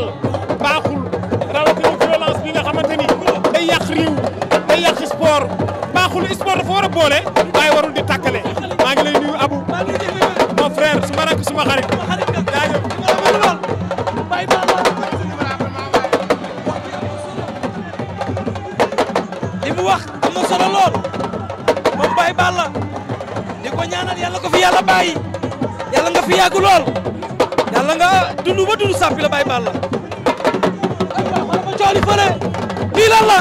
Sall baaxul rawatina violence bi nga xamante a day yàq réew day yàq sport baaxul sport dafa war a boole waaye warul di tàkkale maa ngi lay nuyu Abu mon frère suma rakk suma xarit jaajëf li wax am lool moom Baye Balla ko ñaanal yàlla ko fi yàlla bàyyi yàlla nga fi yàgg lool la nga dund ba dund sàppi la cooli fële lii lan la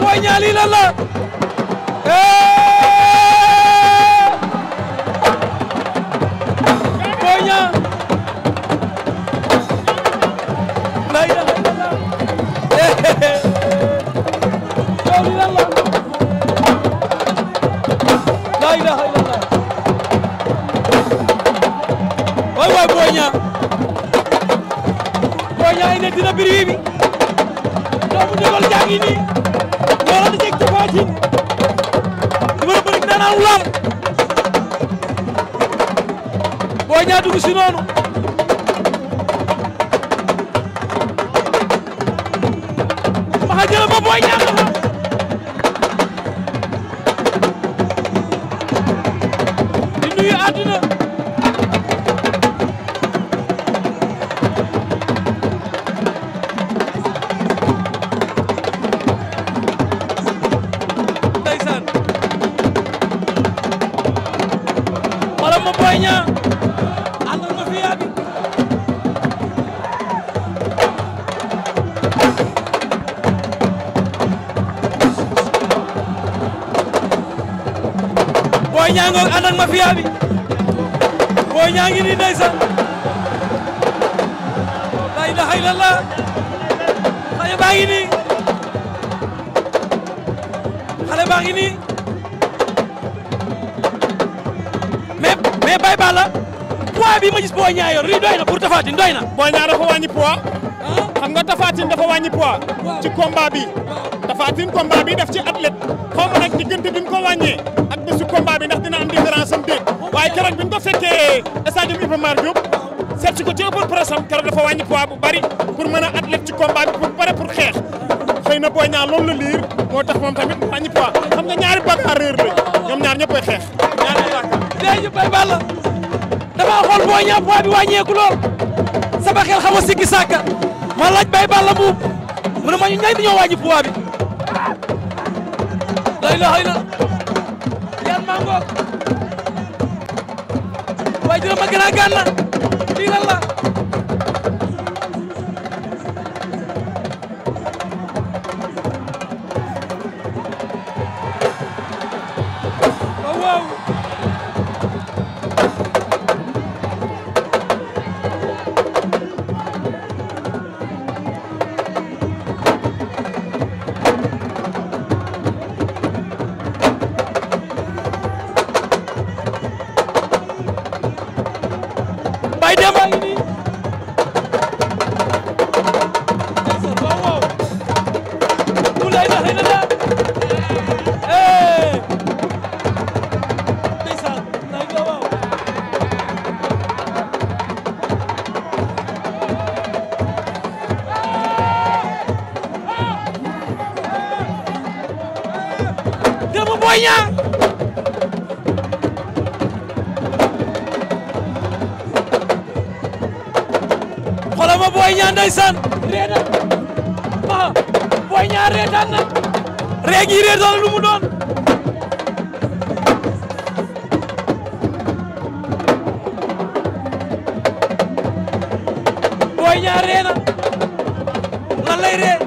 Boy Niang lii Boy Niang Boy Niang ina dina biri bi doomu ndegol jangi ni wala di jeg ulam Boy Niang ñaa ngoog ma ak mafia bi booy ñaa ngi nii ndeysaan la ilaha illallah baa ngi nii xale baa ngi nii mais mais bay poids bi ma gis boo yoon lii doy na pour dafa wàññi poids. Ah. xam nga Tapha dafa wàññi poids. ci combat bi. Tapha Tine combat bi daf ci athlète. xaw ma nag diggante bi mu ko wàññee ak bésu combat bi ndax dina am différence am waaye keroog bi ko fekkee stade Iba Mar Diop. seet si ko ci ëppal presse am dafa wàññi poids bu bari pour mën a athlète ci combat bi pour pare xeex. xëy na boo ñaa liir moo tax moom tamit wàññi poids xam nga ñaari bagarreur damaa xool boo ñaa poids bi wàññeeku lool sama a ma laaj bay balla buub mu ne ma ñu ñay dañoo lay la xëy na yan maa ngoog waaye dina gën a gànna lii lan la Boy Niang xoolal ma Boy Niang ndeysaan ree na na ree gi reetaan lu mu doon Boy Niang ree na lan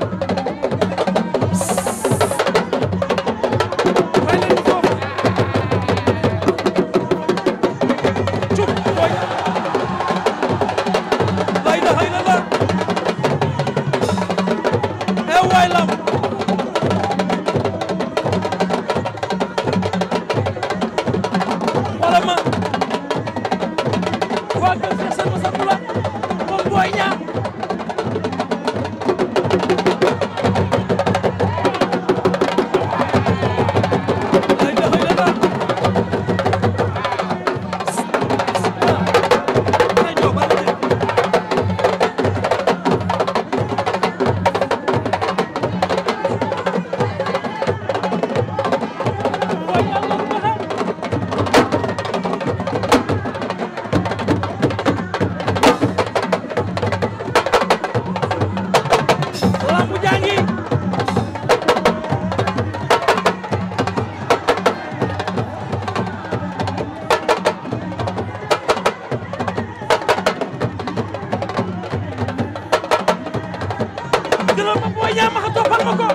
ko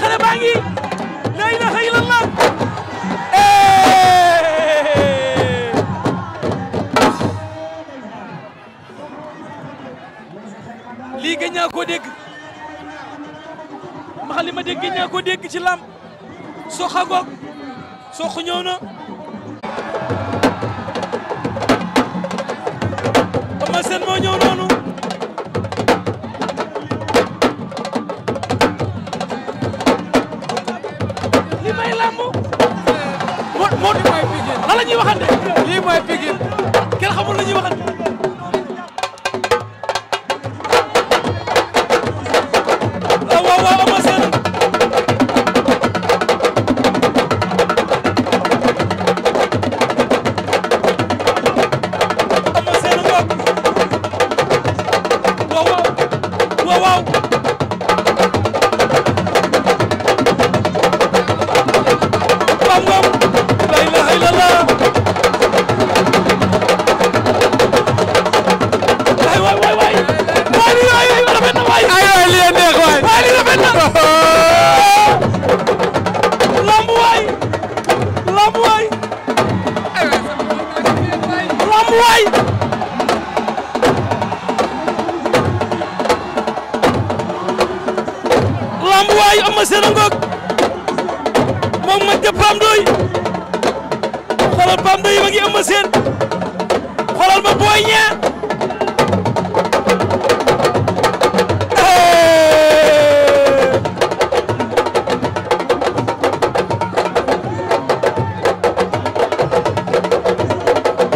xale baa ngi la ilaha illallah eh. lii gëj naa koo dégg maxa ma dégg gëj naa koo dégg ci lam soxa goog sox ñëw na ama seen moo ñëw moo di mooy Pikine lan la ñuy waxante lii mooy Pikine kenn xamul la ñuy waxante ay Eumeu Sène ngoog moom ma ca Pam Doy xoolal Pam Doy ma ngi Eumeu Sène xoolal ma Boy Niang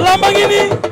lamba ngi nii